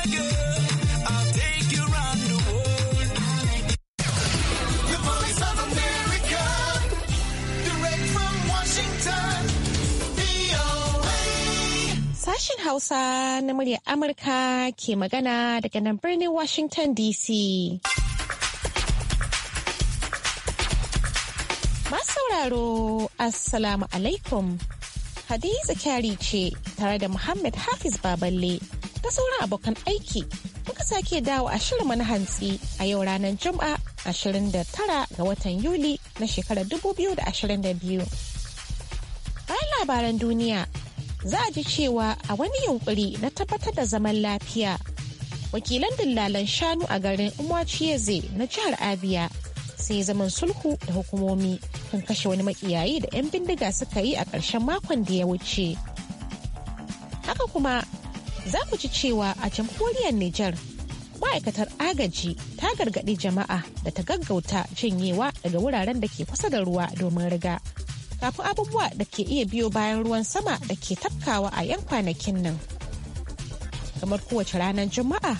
Sashen Hausa na muryar Amurka ke magana daga nan birnin Washington DC. Masu sauraro, Assalamu alaikum. Hadiza Kyari ce tare da Muhammad Hafiz Baballe. da sauran abokan aiki muka sake dawo a shirin na hantsi a yau ranar Juma'a 29 ga watan Yuli na shekarar 2022. Bayan labaran duniya za a ji cewa a wani yunkuri na tabbatar da zaman lafiya wakilan dillalan shanu a garin Umwachiyeze na jihar Abia sai zaman sulhu da hukumomi kan kashe wani makiyayi da 'yan bindiga suka yi a ƙarshen makon da ya wuce. Haka kuma za ku ji cewa a jamhuriyar Nijar ma'aikatar agaji ta gargaɗi jama'a da ta gaggauta janyewa daga wuraren da ke kusa da ruwa domin riga kafin abubuwa da ke iya biyo bayan ruwan sama da ke tafkawa a 'yan kwanakin nan kamar kowace ranar juma'a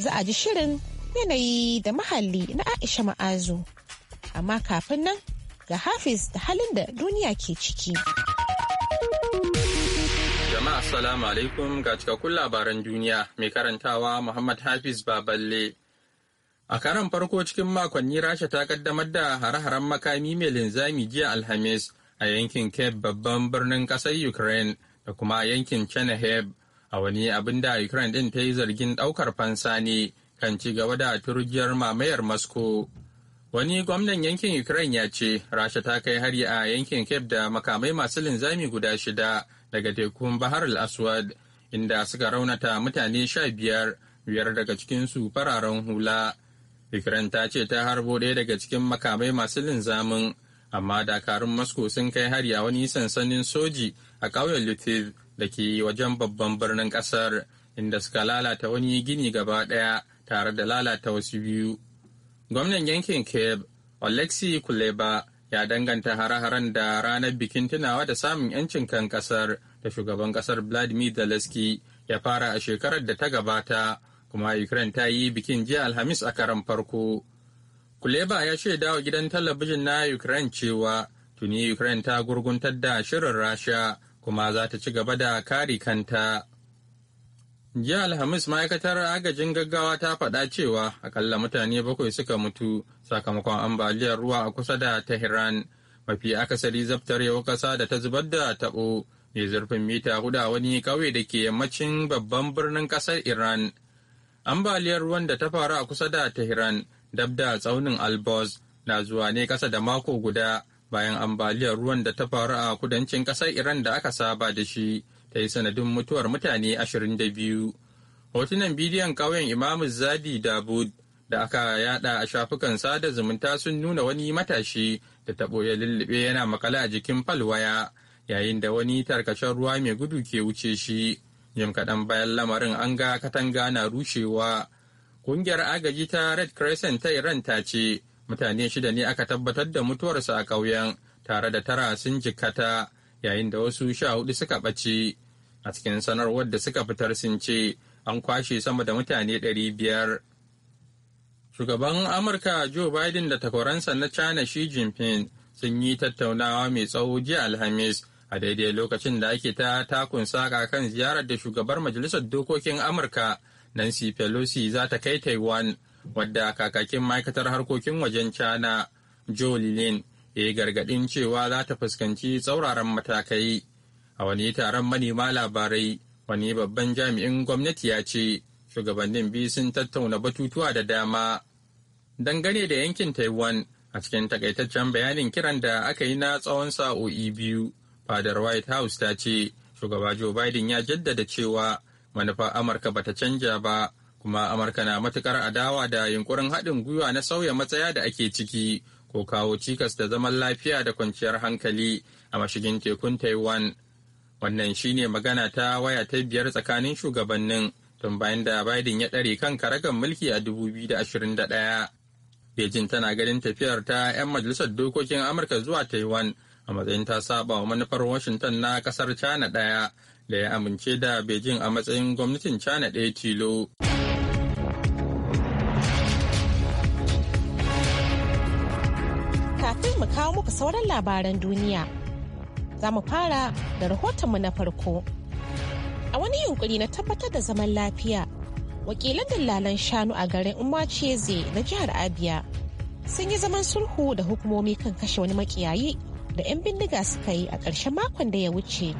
za a ji shirin yanayi da mahalli na aisha ma'azu amma kafin nan ga hafiz da halin da duniya ke ciki. Assalamu alaikum ga cikakkun labaran duniya mai karantawa Muhammad Hafiz Baballe. A karan farko cikin makonni Rasha ta kaddamar da hare-haren makami mai linzami jiya Alhamis a yankin Cape babban birnin ƙasar Ukraine da kuma yankin Chernihiv a wani abin da Ukraine ɗin ta yi zargin ɗaukar fansa ne kan ci gaba da turjiyar mamayar Moscow. Wani gwamnan yankin Ukraine ya ce Rasha ta kai hari a yankin Cape da makamai masu linzami guda shida. daga tekun Bahar al-Aswad inda suka raunata mutane sha biyar biyar daga cikinsu fararen hula. ikiran ta ce ta harbo ɗaya daga cikin makamai masu linzamin amma dakarun Moscow sun kai hari a wani sansanin soji a ƙauyen Lviv da ke wajen babban birnin ƙasar inda suka lalata wani gini gaba ɗaya tare da lalata wasu biyu. Gwamnan yankin Kiev, alexi Kuleba, ya danganta hare-haren da ranar bikin tunawa da samun 'yancin kan ƙasar da shugaban kasar vladimir zelensky ya fara a shekarar da ta gabata kuma ukraine ta yi bikin jiya alhamis a karan farko kuleba ya shaida wa gidan talabijin na ukraine cewa tuni ukraine ta gurguntar da shirin rasha kuma za ta ci gaba da kare kanta jiya alhamis ma'aikatar agajin gaggawa ta faɗa cewa akalla mutane bakwai suka mutu sakamakon ambaliyar ruwa a kusa da tehran mafi akasari zaftarewar ƙasa da ta zubar da taɓo mai zurfin mita huda wani ƙauye da ke yammacin babban birnin ƙasar Iran. Ambaliyar ruwan da ta faru a kusa da Tehran dab da tsaunin Alborz na zuwa ne ƙasa da mako guda bayan ambaliyar ruwan da ta faru a kudancin ƙasar Iran da aka saba da shi ta yi sanadin mutuwar mutane ashirin da biyu Hotunan bidiyon ƙauyen Imamu Zadi Dabud da aka yada a shafukan sada zumunta sun nuna wani matashi da taɓo ya lullube yana makale a jikin falwaya yayin da wani tarkacen ruwa mai gudu ke wuce shi jim kaɗan bayan lamarin an ga katanga na rushewa ƙungiyar agaji ta red crescent ta iran ta ce mutane shida ne aka tabbatar da mutuwarsa a ƙauyen tare da tara sun jikkata yayin da wasu sha hudu suka ɓace a cikin sanarwar da suka fitar sun ce an kwashe sama da mutane ɗari biyar shugaban amurka joe biden da takwaransa na china shi jinping sun yi tattaunawa mai tsawo jiya alhamis a daidai lokacin da ake ta takun saka kan ziyarar da shugabar majalisar dokokin amurka nancy pelosi za ta kai taiwan wadda kakakin ma'aikatar harkokin wajen china joe lilin ya yi gargaɗin cewa za ta fuskanci tsauraran matakai a wani taron manema labarai wani babban jami'in gwamnati ya ce shugabannin biyu sun tattauna batutuwa da dama dangane da yankin taiwan a cikin takaitaccen bayanin kiran da aka yi na tsawon sa'o'i biyu fadar white house ta ce shugaba joe biden ya jaddada cewa manufa amurka bata canja ba kuma amurka na matukar adawa da yunkurin haɗin gwiwa na sauya matsaya da ake ciki ko kawo cikas da zaman lafiya da kwanciyar hankali a mashigin tekun taiwan wannan shine magana ta waya ta biyar tsakanin shugabannin tun bayan da biden ya ɗare kan karagan mulki a 2021 beijing tana ganin tafiyar ta 'yan majalisar dokokin amurka zuwa taiwan a matsayin ta saba wa manufar washington na kasar china daya da ya amince da beijing a matsayin gwamnatin china daya tilo kafin mu kawo muku sauran labaran duniya za mu fara da rahotonmu na farko a wani yunkuri na tabbatar da zaman lafiya wakilan dillalan shanu a garin umacheze na jihar abia sun yi zaman sulhu da hukumomi kan kashe wani makiyayi da 'yan bindiga suka yi a ƙarshen makon da ya wuce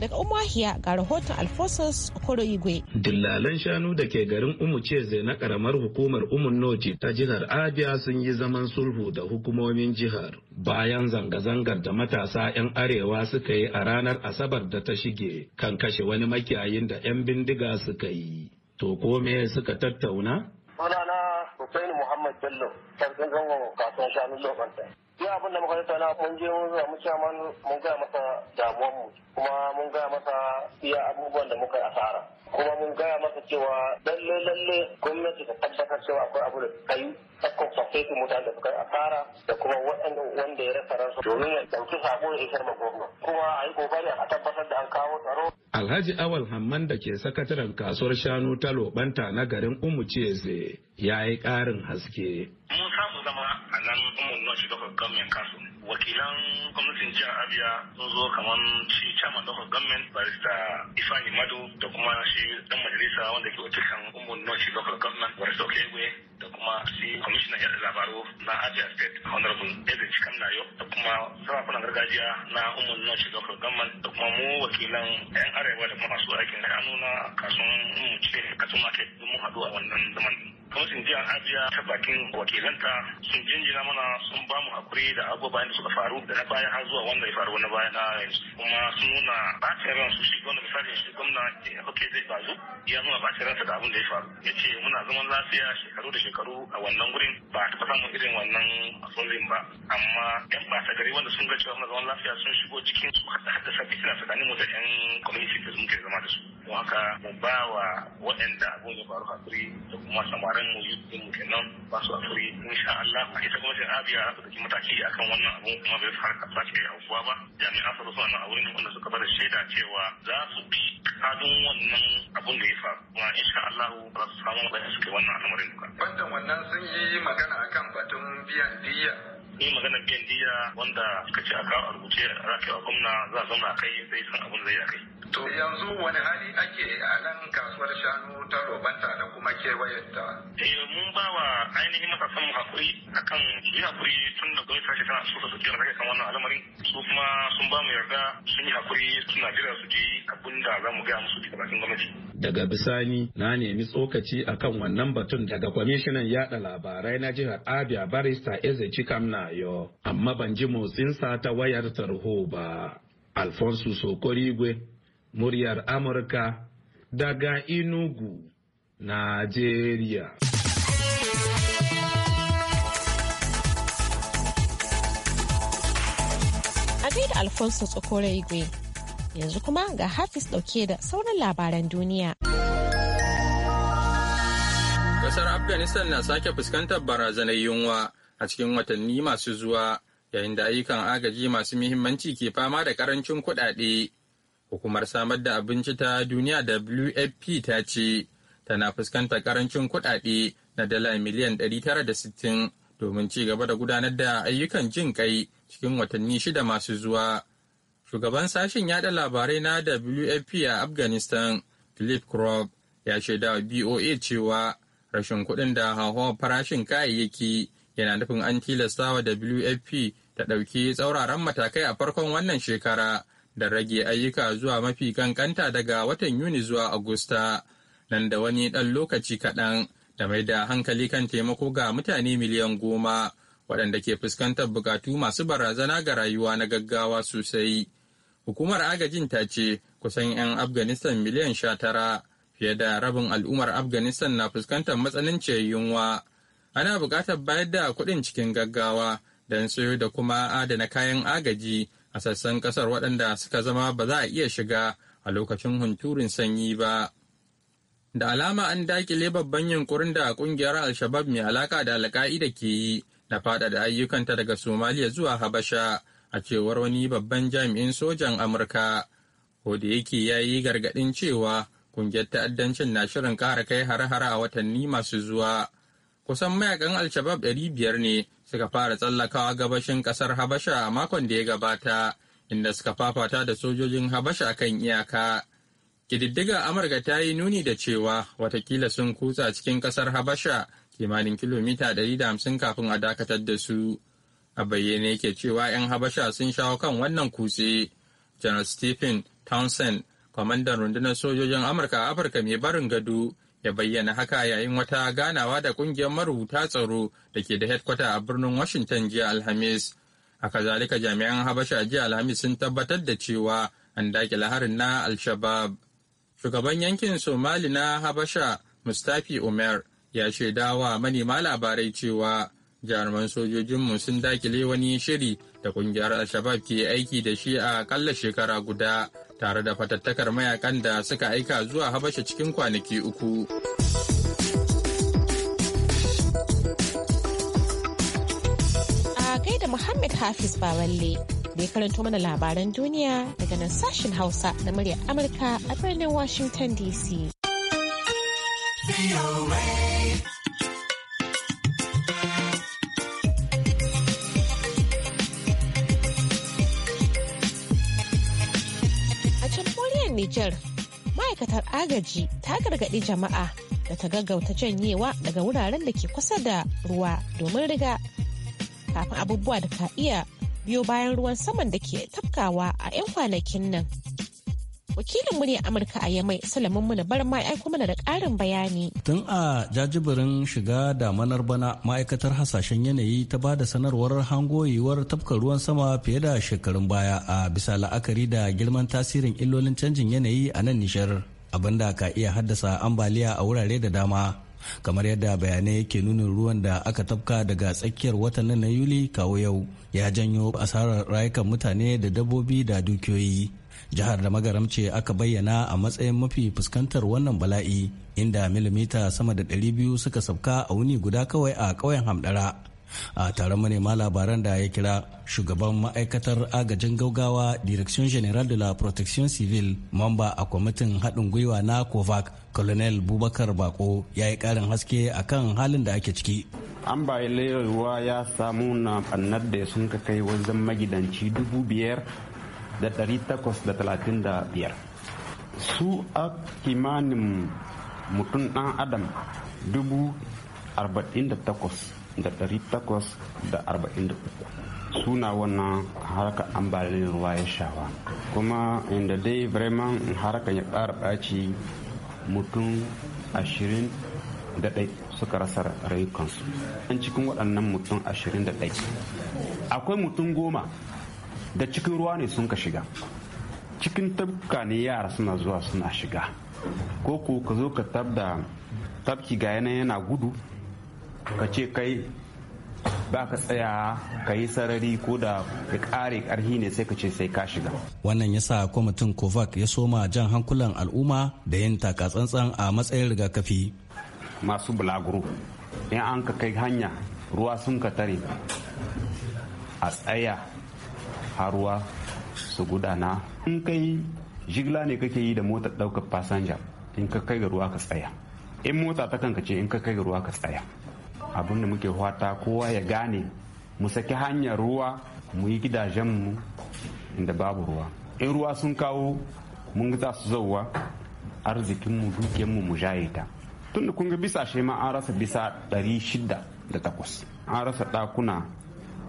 daga umahiya ga rahoton alphonsus okoro igwe dillalan shanu da ke garin zai na karamar hukumar Noji ta jihar abia sun yi zaman sulhu da hukumomin jihar bayan zanga-zangar da matasa 'yan arewa suka yi a ranar asabar da ta shige kan kashe wani makiyayin da 'yan bindiga suka yi to ko suka tattauna sunana Hussein Muhammad Bello, zango kasuwar shanu Lokanta. ya abin da muka tattauna mun je mun zuwa mu man mun gaya masa damuwar mu kuma mun gaya masa iya abubuwan da muka asara kuma mun gaya masa cewa lalle lalle gwamnati ta tabbatar cewa akwai abu da kai ta su mutane da suka asara da kuma waɗanda wanda ya rasa ransu domin ya ɗauki sabo ya isar ma gwamna kuma a yi kokari a tabbatar da an kawo tsaro. Alhaji Awal Hamman da ke sakataren kasuwar shanu ta Lobanta na garin Umu Ceze ya yi ƙarin haske. Mun samu zama a nan Umu na shiga gwamnan kasu. Wakilan gwamnatin jihar Abia sun zo kamar shi chairman local government barista Ifani Madu da kuma shi dan majalisa wanda ke wakilan Umu na shiga gwamnan barista Okegwe da kuma sai kwamishinan ya labarai na Abia State Honorable David Kamnayo da kuma sarakunan gargajiya na umar na shiga kurgaman da kuma mu wakilan 'yan arewa da masu aikin hannu na kasuwan mace kasu kasuwan market mun haɗu a wannan zaman. Kamsin jiya Abia ta bakin wakilanta sun jinjina mana sun ba mu hakuri da abubuwan da suka faru da na baya har zuwa wanda ya faru na baya na yanzu kuma sun nuna bacin su shi gwamna misali shi gwamna ya hauke zai bazu ya nuna bacin ransa da abin da ya faru ya ce muna zaman lafiya shekaru da shekaru a wannan gurin ba ta samun irin irin wannan solving ba amma yan basa gari wanda sun ga cewa na zaman lafiya sun shigo cikin su hada haddasa suna tsakanin mu da yan community da muke zama da su don haka mu ba wa waɗanda abin ya faru hakuri da kuma samarin mu yi din mu kenan ba su hakuri insha Allah a ita kuma sai abiya za su dauki mataki a kan wannan abin kuma bai fara kasa ce aukuwa ba jami'an tsaro suna nan a wurin wanda suka bada shaida cewa za su bi kadun wannan abin da ya faru kuma insha Allah za su samu da suke wannan al'amarin duka. Bandan wannan sun yi magana akan batun batun biyan diya ni magana biyan diya wanda kace ce a kawo a rubuce a gwamna za a zauna a kai zai san abin zai a kai To yanzu wani hali ake a nan kasuwar shanu ta robanta da kuma kewayenta. Eh, mun ba wa ainihin matasan mu hakuri akan yi hakuri tun da gwamnati tashi tana so ta jira take kan wannan alamari. su kuma sun ba mu yarda sun yi hakuri suna jira su je abin da za mu gaya musu daga bakin gwamnati. Daga bisani na nemi tsokaci akan wannan batun daga kwamishinan yaɗa labarai na jihar Abia barista na Kamnayo amma ban ji motsinsa ta wayar tarho ba. Alfonso Sokorigwe muryar Amurka daga Inugu, Najeriya. da Alfonso Tsokore Igwe yanzu kuma ga Hafiz dauke da sauran labaran duniya. Kasar Afghanistan na sake fuskantar barazanar yunwa a cikin watanni masu zuwa yayin da ayyukan agaji masu muhimmanci ke fama da karancin kuɗaɗe. Hukumar samar da abinci ta duniya WFP ta ce tana fuskanta karancin kuɗaɗe na dala miliyan 960 domin ci gaba da gudanar da ayyukan jin kai cikin watanni shida masu zuwa. Shugaban sashen yada labarai na WFP a Afghanistan, Philip Crop, ya shaida wa BOA cewa rashin kuɗin da hauhawar farashin kayayyaki yana nufin an tilasta wa WFP ta ɗauki tsauraran matakai a farkon wannan shekara da rage ayyuka zuwa mafi kankanta daga watan Yuni zuwa Agusta nan da wani ɗan lokaci kaɗan da mai da hankali kan taimako ga mutane miliyan goma waɗanda ke fuskantar bukatu masu barazana ga rayuwa na gaggawa sosai. Hukumar agajin ta ce kusan 'yan Afghanistan miliyan sha tara fiye da rabin al'ummar Afghanistan na fuskantar matsanancin yunwa. Ana buƙatar bayar da kuɗin cikin gaggawa don sayo da kuma adana kayan agaji a sassan kasar waɗanda suka zama ba za a iya shiga a lokacin hunturin sanyi ba. Da alama an dakile babban yankurin da ƙungiyar Al-Shabab mai alaka da Alka'ida ke yi na faɗaɗa ayyukanta daga Somaliya zuwa Habasha a cewar wani babban jami'in sojan Amurka. Koda yake ya yi gargaɗin cewa ƙungiyar ta'addancin na shirin ƙara kai har hare a watanni masu zuwa. Kusan mayakan Al-Shabab ɗari biyar ne suka fara tsallakawa gabashin kasar Habasha a makon da ya gabata, inda suka fafata da sojojin Habasha kan iyaka. Kididdiga Amurka ta yi nuni da cewa watakila sun kutsa cikin kasar Habasha kimanin kilomita 150 kafin a dakatar da su. A bayyane yake cewa 'yan Habasha sun shawo kan wannan kutse. General Stephen Townsend, kwamandan rundunar sojojin Amurka a Afirka mai barin gado, ya bayyana haka yayin wata ganawa da kungiyar marubuta tsaro da ke da headkwata a birnin washington jiya alhamis a kazalika jami'an habasha jiya alhamis sun tabbatar da cewa an dakile harin na al-shabab shugaban yankin somali na habasha mustafi umar ya shaidawa manema labarai cewa jaruman sojojinmu sun dakile wani shiri da kungiyar al-shabab ke aiki da shi a kalla shekara guda tare da fatattakar mayakan da suka aika zuwa habasha cikin kwanaki uku a gaida muhammad hafiz baballe bai ya karanto mana labaran duniya daga nan sashen hausa na muryar amurka a birnin washington dc Nijar, ma'aikatar agaji ta gargaɗi jama'a da ta gaggauta janyewa daga wuraren da ke kusa da ruwa domin riga kafin abubuwa da ka iya biyo bayan ruwan saman da ke tafkawa a 'yan kwanakin nan. wakilin mu ne Amurka a Yamai salamin mu bar ma aiko mana da karin bayani. Tun a jajibirin shiga da manar bana ma'aikatar hasashen yanayi ta ba da sanarwar hangoyewar tafka ruwan sama fiye da shekarun baya a bisa la'akari da girman tasirin illolin canjin yanayi a nan nishar abinda ka iya haddasa ambaliya a wurare da dama. kamar yadda bayanai ke nuna ruwan da aka tafka daga tsakiyar watan na yuli kawo yau ya janyo asarar rayukan mutane da dabbobi da dukiyoyi jihar da magaramce aka bayyana a matsayin mafi fuskantar wannan bala'i inda milimita sama da 200 suka sabka a wuni guda kawai a ƙauyen hamdara a taron manema labaran da ya kira shugaban ma'aikatar agajin gaugawa direction general de la protection civil mamba a kwamitin haɗin gwiwa na kovac colonel bubakar bako ya yi ƙarin haske a kan halin da ake ciki an bayan ruwa ya samu na annar da sun ka kai wajen magidanci dubu biyar da 835 su a kimanin mutum dan adam 48,843 suna wannan harkar ambaliyar ruwa ya shawa kuma inda dai bremen harkar ya ƙara ɓaci mutum ashirin da ɗai suka rasa rayukansu an cikin waɗannan mutum 21 akwai mutum goma da cikin ruwa ne sun ka shiga cikin tabka ne yara suna zuwa suna shiga ko ko ka zo ka tabda tabki ga yanayi yana gudu ka ce kai ba ka tsaya ka yi sarari ko da ka kare karhi ne sai ka ce sai ka shiga wannan yasa kwamitin kovac ya soma jan hankulan al'umma da yin takatsantsan a matsayin rigakafi masu bulaguro in an ka kai hanya ruwa sun ka tare a tsaya haruwa su gudana in kai jigila ne kake yi da motar ɗaukar fasanja in ka kai ga ruwa ka tsaya in mota ta kanka ce in ka kai ga ruwa ka tsaya abin da muke fata kowa ya gane mu saki hanyar ruwa mu yi gidajenmu inda babu ruwa in ruwa sun kawo mun ga su zauwa arzikinmu dukiyanmu mu jaye ta tun da kun ga bisa shi ma an rasa bisa da 608 an rasa ɗakuna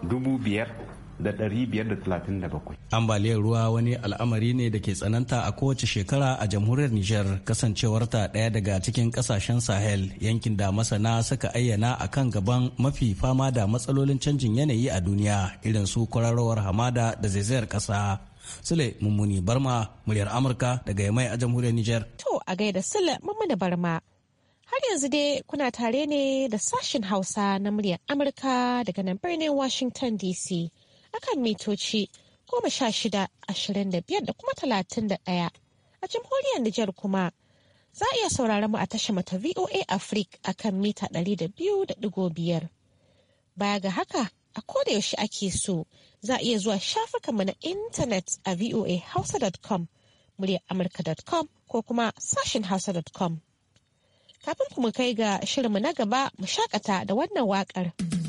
5,000 da 537. Ambaliyar ruwa wani al'amari ne da ke tsananta a kowace shekara a jamhuriyar Nijar kasancewarta ɗaya daga cikin ƙasashen Sahel yankin da masana suka ayyana a kan gaban mafi fama da matsalolin canjin yanayi a duniya irin su kwararowar hamada da zaizayar ƙasa. Sule Mummuni Barma muryar Amurka daga Yamai a jamhuriyar Nijar. To a gaida Sule Mummuni Barma Har yanzu dai kuna tare ne da sashin Hausa na muryar Amurka daga nan birnin Washington DC. akan mitoci goma sha shida ashirin da biyar da kuma talatin da ɗaya a jamhuriyar Nijar kuma za a iya sauraron mu a tashar mata VOA Africa akan mita ɗari da biyu da ɗigo biyar. Baya ga haka a koda yaushe ake so za a iya zuwa mu na intanet a voahausa.com muryar amurka.com ko kuma sashin hausa.com. Kafin kuma kai ga shirin mu na gaba mu shakata da wannan waƙar.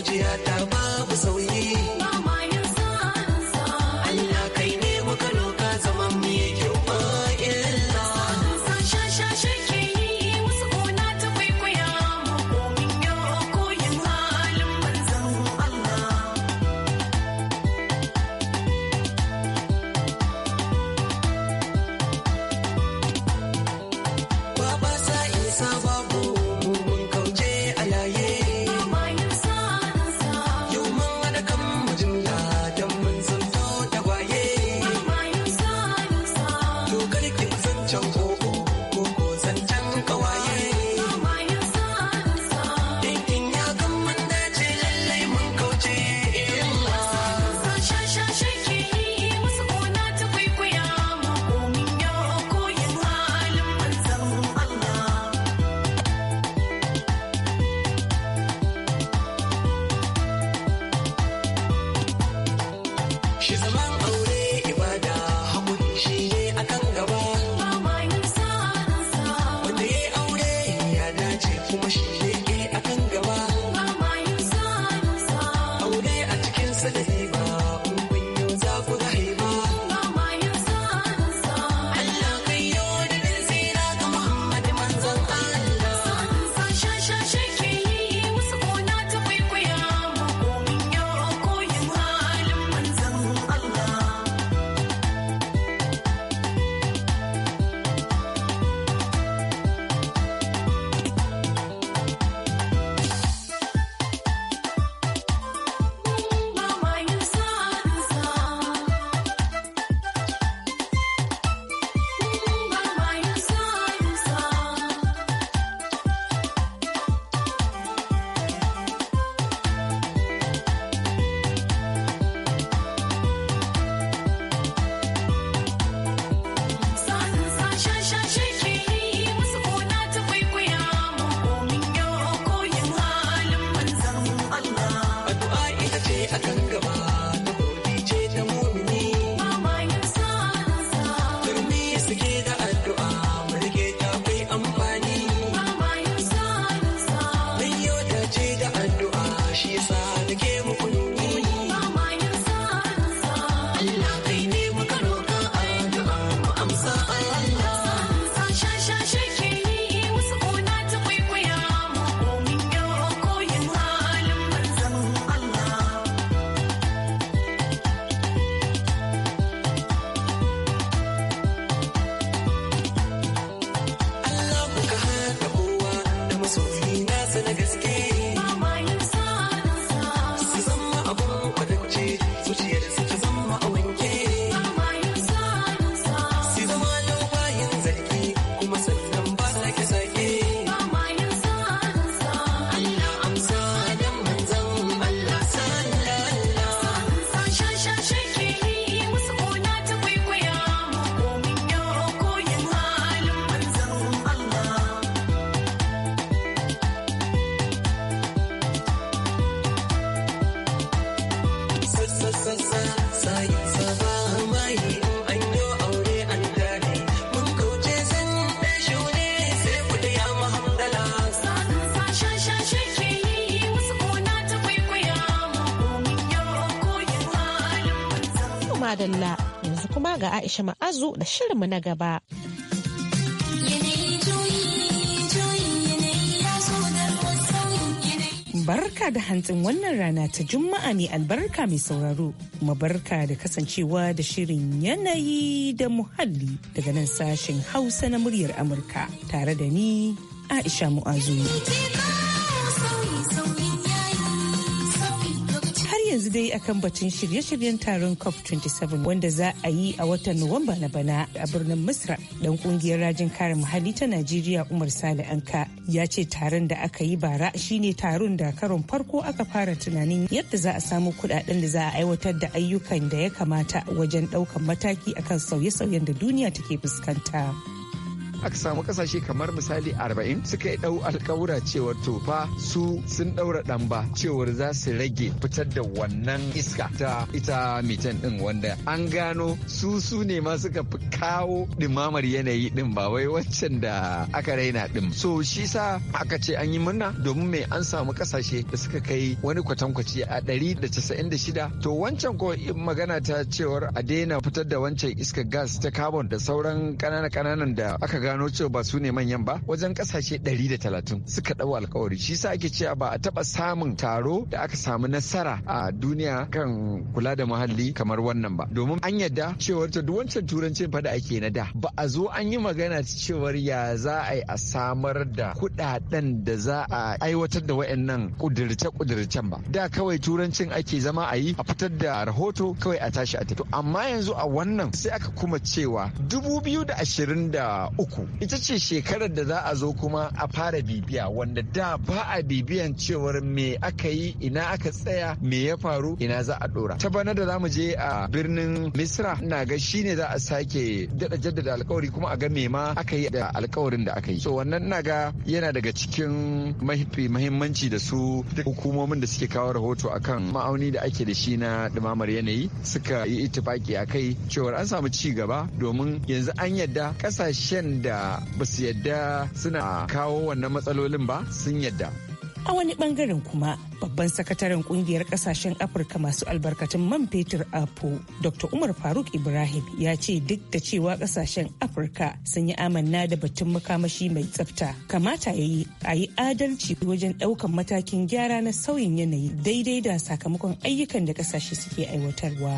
zuciya ta ba madalla yanzu kuma ga Aisha Ma'azu da shirinmu na gaba. Barka da hantsin wannan rana ta Juma'a mai albarka mai sauraro, kuma barka da kasancewa da shirin yanayi da muhalli daga nan sashen Hausa na muryar Amurka tare da ni Aisha Mu'azu. yanzu dai akan batun shirye-shiryen taron COP27 wanda za a yi a watan Nuwamba na bana a birnin Misra. Dan kungiyar rajin kare muhalli ta Najeriya Umar Sale Anka ya ce taron da aka yi bara shine taron da karon farko aka fara tunanin yadda za a samu kudaden da za a aiwatar da ayyukan da ya kamata wajen daukan mataki akan sauye-sauyen da duniya take fuskanta. aka samu kasashe kamar misali 40 suka yi dau alkawura cewar tofa su sun daura ɗamba cewar za su rage fitar da wannan iska ta ita mitan din wanda an gano su su ne ma suka fi kawo dimamar yanayi din ba wai waccan da aka raina din so shi sa aka ce an yi murna domin mai an samu kasashe da suka kai wani kwatankwaci a 196 to wancan ko magana ta cewar a daina fitar da wancan iskar gas ta carbon da sauran kanana-kananan da aka gano cewa ba su ne manyan ba wajen kasashe 130 suka dau alkawari shi sa ake cewa ba a taba samun taro da aka samu nasara a duniya kan kula da muhalli kamar wannan ba domin an yadda cewar ta duk wancan turanci fa da ake na da ba a zo an yi magana cewa ya za a yi a samar da kuɗaɗen da za a aiwatar da wayannan kudirce-kudircen ba da kawai turancin ake zama a yi a fitar da rahoto kawai a tashi a tafi amma yanzu a wannan sai aka kuma cewa dubu biyu da da uku. uku ita ce shekarar da za a zo kuma a fara bibiya wanda da ba a bibiyan cewar me aka yi ina aka tsaya me ya faru ina za a dora ta bana da zamu je a birnin misra na ga shine za a sake dada jaddada alkawari kuma a ga me ma aka yi da alkawarin da aka yi so wannan naga ga yana daga cikin mahimmanci mahimmanci da su hukumomin da suke kawo rahoto akan ma'auni da ake da shi na dumamar yanayi suka yi itifaki a kai cewar an samu ci gaba domin yanzu an yadda kasashen da da ba su yadda suna kawo wannan matsalolin ba sun yadda a wani bangaren kuma babban sakataren kungiyar kasashen afirka masu albarkatun man fetur apo dr umar faruk ibrahim ya ce duk da cewa kasashen afirka sun yi amanna da batun makamashi mai tsafta kamata ya yi a yi adalci wajen daukan matakin gyara na sauyin yanayi daidai da sakamakon ayyukan da kasashe suke aiwatarwa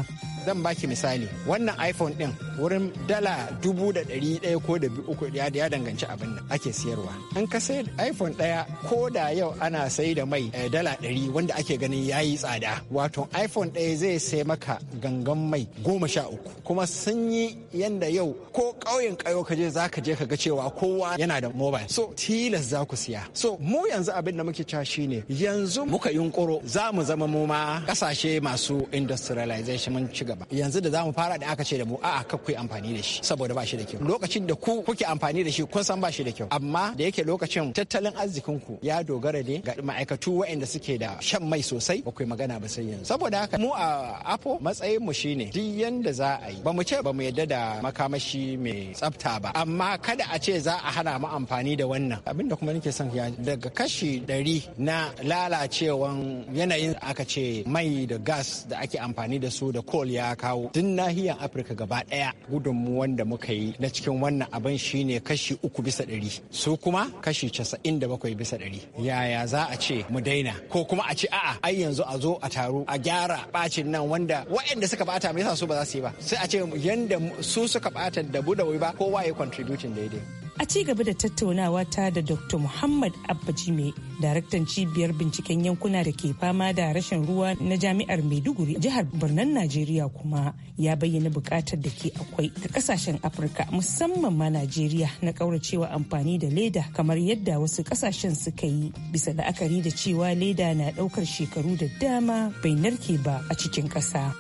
zan baki misali wannan iphone din wurin dala dubu da ɗari ɗaya ko da uku ya ya danganci abin da ake siyarwa An ka sai iphone ɗaya ko da yau ana sai da mai eh, dala ɗari wanda ake ganin ya yi tsada wato iphone ɗaya zai sai maka gangan mai goma sha uku kuma sun yi yanda yau ko ƙauyen kayo ka je za ka je ka ga cewa kowa yana da mobile so tilas za ku siya so mu yanzu abin da muke cewa shine yanzu muka yunkuro za mu zama mu ma ƙasashe masu industrialization mun ci gaba yanzu da zamu fara da aka ce da mu a'a kar ku amfani da shi saboda ba shi da kyau lokacin da ku kuke amfani da shi kun san ba shi da kyau amma da yake lokacin tattalin arzikin ku ya dogara ne ga ma'aikatu waɗanda suke da shan mai sosai ba ku magana ba sai yanzu saboda haka mu a apo matsayin mu shine duk yanda za a yi ba mu ce ba mu yadda da makamashi mai tsafta ba amma kada a ce za a hana mu amfani da wannan abin da kuma nake son ya daga kashi ɗari na lalacewan yanayin aka ce mai da gas da ake amfani da su da coal ya ya kawo duk nahiyar afirka gaba daya gudunmuwan da muka yi na cikin wannan abin shine kashi uku bisa ɗari su kuma kashi casa'in da bakwai bisa ɗari yaya za a ce mu daina ko kuma a ce a'a ai yanzu a zo a taru a gyara bacin nan wanda waɗanda suka bata me yasa su ba za su yi ba sai a ce yanda su suka bata da budawai ba kowa ya contributing daidai a ci gaba da tattaunawa ta da dr muhammad abba jime daraktan cibiyar binciken yankuna da ke fama da rashin ruwa na jami'ar maiduguri jihar birnin najeriya kuma ya bayyana bukatar da ke akwai ga kasashen afirka musamman ma najeriya na kauracewa amfani da leda kamar yadda wasu kasashen suka yi bisa la'akari da cewa leda na daukar shekaru da dama bai narke ba a cikin kasa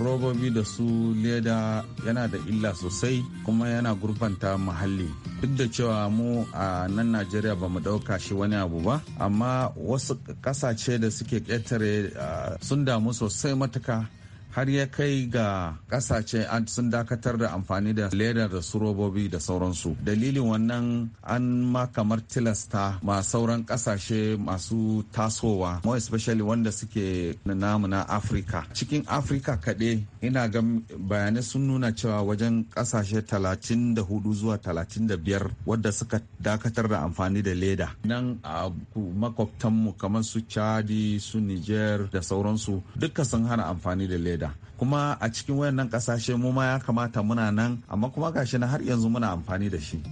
robobi da su leda yana da illa sosai kuma yana gurbanta muhalli duk da cewa mu a nan najeriya ba mu ɗauka shi wani abu ba amma wasu ƙasashe da suke ƙetare sun damu sosai matuka har ya kai ga kasashe sun dakatar da amfani da ledar da su robobi da sauransu dalilin wannan an ma kamar tilasta ma sauran kasashe masu tasowa more especially wanda suke namu na afirka cikin afirka kaɗai ina ga bayanai sun nuna cewa wajen kasashe 34 zuwa 35 wadda suka dakatar da amfani da leda nan a makwabtanmu kamar su chadi su niger da sauransu duka sun hana amfani da leda kuma a cikin wayannan kasashe mu ma ya kamata muna nan amma kuma gashi na har yanzu muna amfani da shi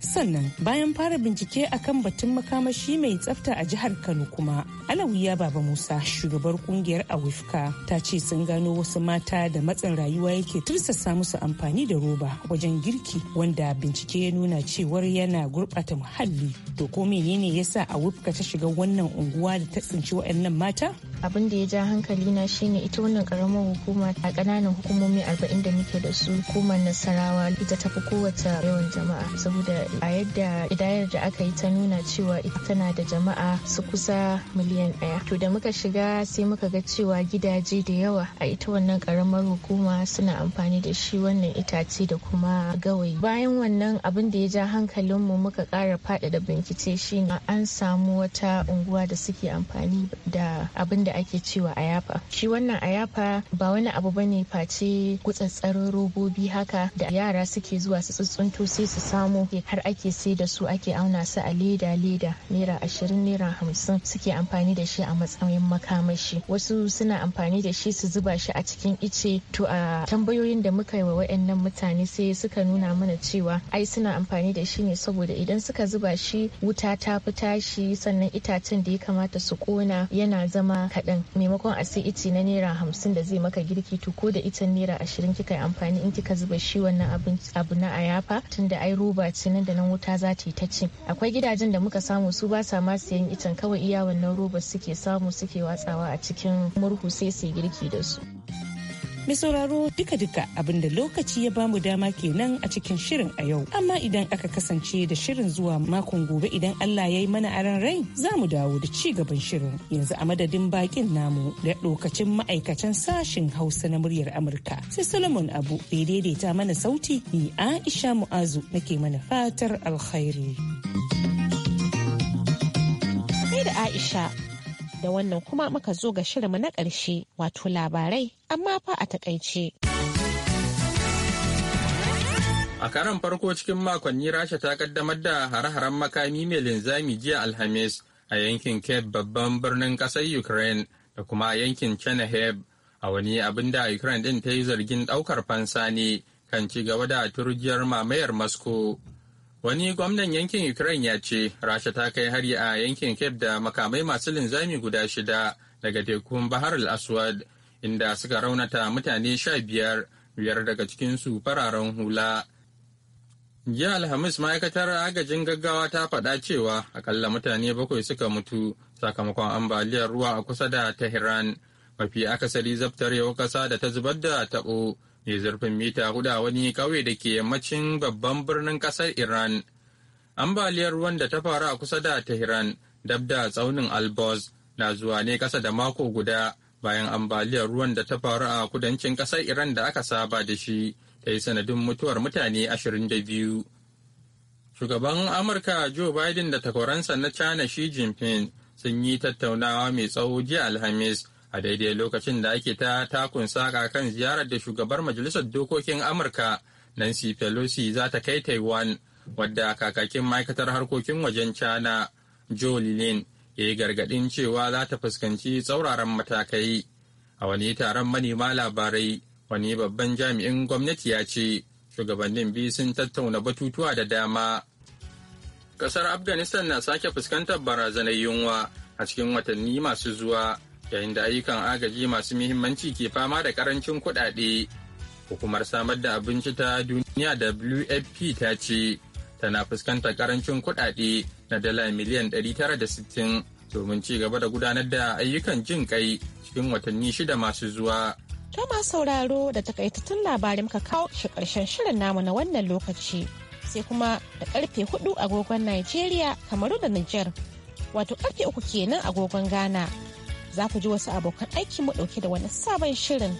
sannan bayan fara bincike akan batun makamashi mai tsafta a jihar kano kuma alawiya baba musa shugabar kungiyar awifka ta ce sun gano wasu mata da matsin rayuwa yake tursasa musu amfani da roba wajen girki wanda bincike ya nuna cewar yana gurɓata muhalli to ko menene yasa awifka ta shiga wannan unguwa da ta tsinci waɗannan mata abin da ya ja hankali na shine ita wannan karamar hukuma a kananan hukumomi arba'in da muke da su hukumar nasarawa ita ta kowace yawan jama'a saboda a yadda idayar da aka yi ta nuna cewa ita tana da jama'a su kusa miliyan ɗaya to da muka shiga sai muka ga cewa gidaje da yawa a ita wannan karamar hukuma suna amfani da shi wannan itace da kuma gawayi bayan wannan abin da ya ja hankalinmu muka ƙara faɗaɗa bincike shi ne. an samu wata unguwa da suke amfani da abin da ake cewa ayafa shi wannan ayafa ba wani abu bane face gutsatsarin robobi haka da yara suke zuwa su tsuntsunto sai su samu har har ake sai da su ake auna su a leda leda naira ashirin naira hamsin suke amfani da shi a matsayin makamashi wasu suna amfani da shi su zuba shi a cikin ice to a tambayoyin da muka yi wa waɗannan mutane sai suka nuna mana cewa ai suna amfani da shi ne saboda idan suka zuba shi wuta ta fi tashi sannan itacen da ya kamata su kona yana zama kaɗan maimakon a sai ice na naira hamsin da zai maka girki to ko da ita naira ashirin kika yi amfani in kika zuba shi wannan abu na ayafa tunda ai roba ce nan nan wuta za ta yi ta ci akwai gidajen da muka samu su ba sa ma siyan itan kawai iya wannan robar suke samu suke watsawa a cikin murhu sai su girki da su Mai sauraro duka-duka abinda lokaci ya bamu dama kenan a cikin shirin a yau. Amma idan aka kasance da shirin zuwa makon gobe idan Allah ya yi mana aran rai za mu dawo da ci gaban shirin. Yanzu a madadin bakin namu da lokacin ma'aikatan sashen Hausa na muryar Amurka. Sai Solomon Abu da daidaita mana sauti ni Aisha Mu'azu nake mana fatar alkhairi. da Aisha da wannan kuma muka zo ga shirinmu na ƙarshe wato labarai amma fa a takaice. A karan farko cikin makonni Rasha ta kaddamar da hare-haren makami mai linzami jiya Alhamis a yankin kep babban birnin ƙasar Ukraine da kuma yankin Chernihiv a wani abin da Ukraine ɗin ta yi zargin ɗaukar fansa ne kan ci gaba da turjiyar mamayar Moscow. Wani gwamnan yankin Ukraine ya ce Rasha ta kai hari a yankin Cape da makamai masu linzami guda shida daga tekun Bahar al-Aswad inda suka raunata mutane sha biyar biyar daga cikinsu fararen hula. Jiya Alhamis ma'aikatar agajin gaggawa ta faɗa cewa akalla mutane bakwai suka mutu sakamakon ambaliyar ruwa a kusa da Tehran mafi akasari zabtarewar ƙasa da ta zubar da taɓo. mai zurfin mita huda wani kawai da ke yammacin babban birnin kasar Iran. Ambaliyar ruwan da ta faru a kusa da Tehran dab da tsaunin albos na zuwa ne kasa da mako guda bayan ambaliyar ruwan da ta faru a kudancin kasar Iran da aka saba da shi ta yi sanadin mutuwar mutane ashirin da biyu. Shugaban Amurka Joe Biden da takwaransa na China Xi Jinping sun yi tattaunawa mai tsawo jiya Alhamis a daidai lokacin da ake ta takun saka kan ziyarar da shugabar majalisar dokokin amurka nancy pelosi za ta kai taiwan wadda kakakin ma'aikatar harkokin wajen china joe lilin ya yi gargaɗin cewa za ta fuskanci tsauraran matakai a wani taron manema labarai wani babban jami'in gwamnati ya ce shugabannin biyu sun tattauna batutuwa da dama kasar afghanistan na sake fuskantar barazanar yunwa a cikin watanni masu zuwa yayin da ayyukan agaji masu muhimmanci ke fama da karancin kuɗaɗe. Hukumar samar da abinci ta duniya WFP ta ce tana fuskantar karancin kuɗaɗe na dala miliyan 960 domin ci gaba da gudanar da ayyukan jin kai cikin watanni shida masu zuwa. Ta masu sauraro da takaitattun labarin muka kawo shi karshen shirin namu na wannan lokaci sai kuma da karfe hudu agogon Najeriya, Kamaru da Nijar, wato karfe uku kenan agogon Ghana. za ku ji wasu abokan aiki mu dauke da wani sabon shirin.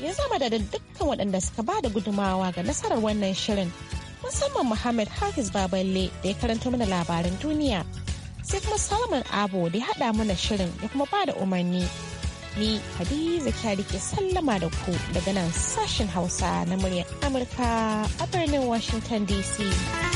ya Yanzu da dukkan waɗanda suka ba da gudumawa ga nasarar wannan shirin. Musamman Muhammad Hafiz Baballe da ya karanta mana labaran duniya. Sai kuma Salman abu da ya haɗa mana shirin ya kuma ba da umarni. Ni Hadiza Kyari ke sallama da ku daga nan sashen Hausa na muryar Amurka a birnin Washington DC.